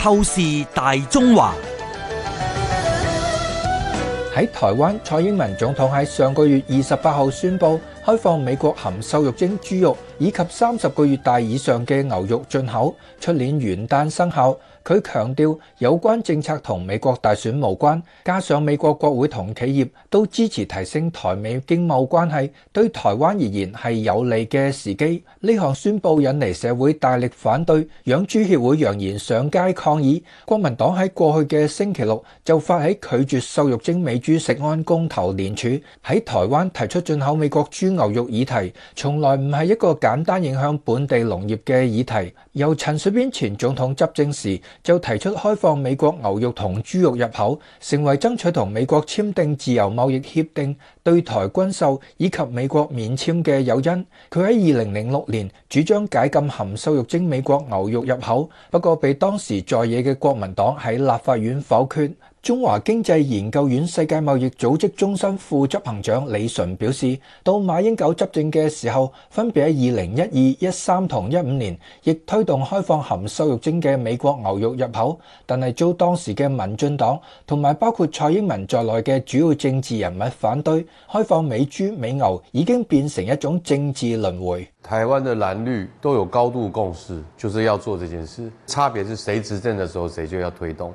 透視大中華喺台灣，蔡英文總統喺上個月二十八號宣布開放美國含瘦肉精豬肉以及三十個月大以上嘅牛肉進口，出年元旦生效。佢強調有關政策同美國大選無關，加上美國國會同企業都支持提升台美經貿關係，對台灣而言係有利嘅時機。呢項宣布引嚟社會大力反對，養豬協會揚言上街抗議。國民黨喺過去嘅星期六就發起拒絕瘦肉精美豬食安公投聯署，喺台灣提出進口美國豬牛肉議題，從來唔係一個簡單影響本地農業嘅議題。由陳水扁前總統執政時，就提出開放美國牛肉同豬肉入口，成為爭取同美國簽訂自由貿易協定，對台軍售以及美國免簽嘅誘因。佢喺二零零六年主張解禁含瘦肉精美國牛肉入口，不過被當時在野嘅國民黨喺立法院否決。中華經濟研究院世界貿易組織中心副執行長李淳表示，到馬英九執政嘅時候，分別喺二零一二、一三同一五年，亦推動開放含瘦肉精嘅美國牛肉入口，但係遭當時嘅民進黨同埋包括蔡英文在內嘅主要政治人物反對。開放美豬美牛已經變成一種政治輪迴。台灣的藍綠都有高度共識，就是要做這件事，差別是誰執政嘅時候，誰就要推動。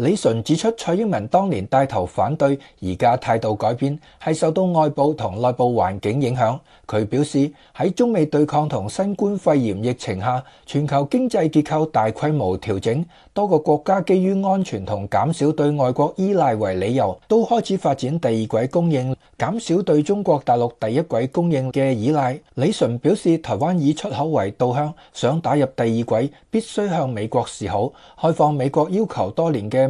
李淳指出，蔡英文當年帶頭反對，而家態度改變係受到外部同內部環境影響。佢表示，喺中美對抗同新冠肺炎疫情下，全球經濟結構大規模調整，多個國家基於安全同減少對外國依賴為理由，都開始發展第二軌供應，減少對中國大陸第一軌供應嘅依賴。李淳表示，台灣以出口為導向，想打入第二軌，必須向美國示好，開放美國要求多年嘅。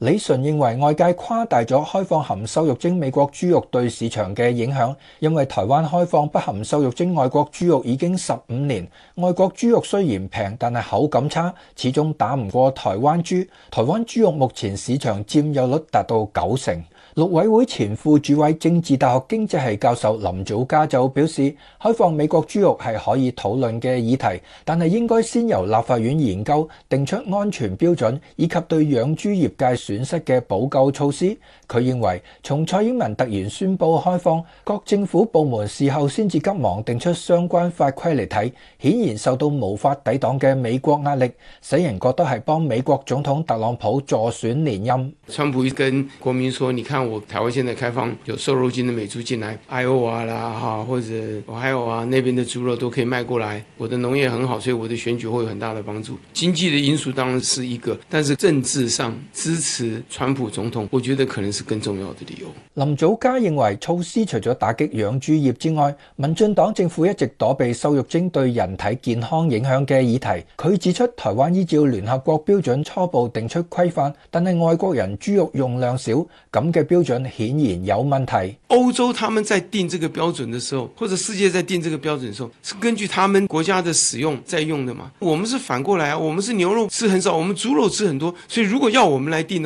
李純認為外界誇大咗開放含瘦肉精美國豬肉對市場嘅影響，因為台灣開放不含瘦肉精外國豬肉已經十五年，外國豬肉雖然平，但係口感差，始終打唔過台灣豬。台灣豬肉目前市場佔有率達到九成。陸委會前副主委、政治大學經濟系教授林祖嘉就表示，開放美國豬肉係可以討論嘅議題，但係應該先由立法院研究，定出安全標準，以及對養豬業界，損失嘅補救措施，佢認為從蔡英文突然宣布開放，各政府部門事後先至急忙定出相關法規嚟睇，顯然受到無法抵擋嘅美國壓力，使人覺得係幫美國總統特朗普助選連任。川普跟國民說：你看我台灣現在開放有瘦肉精嘅美豬進來，Iowa 啦，或者我還有啊，那邊的豬肉都可以賣過來。我的農業很好，所以我的選舉會有很大的幫助。經濟的因素當然是一個，但是政治上支持。是川普總統，我覺得可能是更重要的理由。林祖嘉認為措施除咗打擊養豬業之外，民進黨政府一直躲避瘦肉精對人體健康影響嘅議題。佢指出，台灣依照聯合國標準初步定出規範，但係外國人豬肉用量少咁嘅標準顯然有問題。歐洲他們在定這個標準的時候，或者世界在定這個標準的時候，是根據他們國家的使用在用的嘛，我們是反過來啊，我們是牛肉吃很少，我們豬肉吃很多，所以如果要我們來定的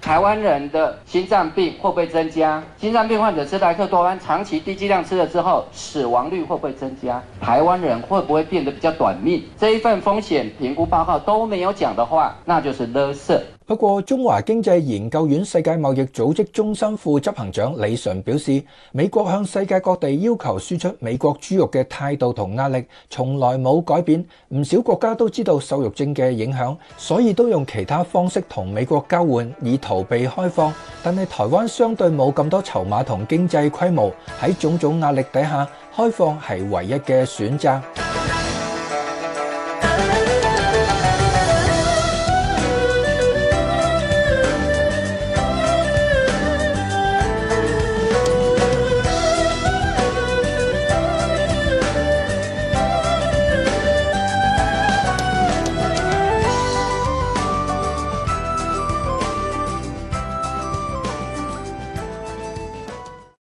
台灣人的心臟病會不會增加？心臟病患者吃萊克多巴長期低劑量吃了之後，死亡率會不會增加？台灣人會不會變得比較短命？這一份風險評估報告都沒有講的話，那就是垃圾。不過，中華經濟研究院世界貿易組織中心副執行長李淳表示，美國向世界各地要求輸出美國豬肉嘅態度同壓力，從來冇改變。唔少國家都知道瘦肉精嘅影響，所以都用其他方式同美國交換以。逃避開放，但係台灣相對冇咁多籌碼同經濟規模，喺種種壓力底下，開放係唯一嘅選擇。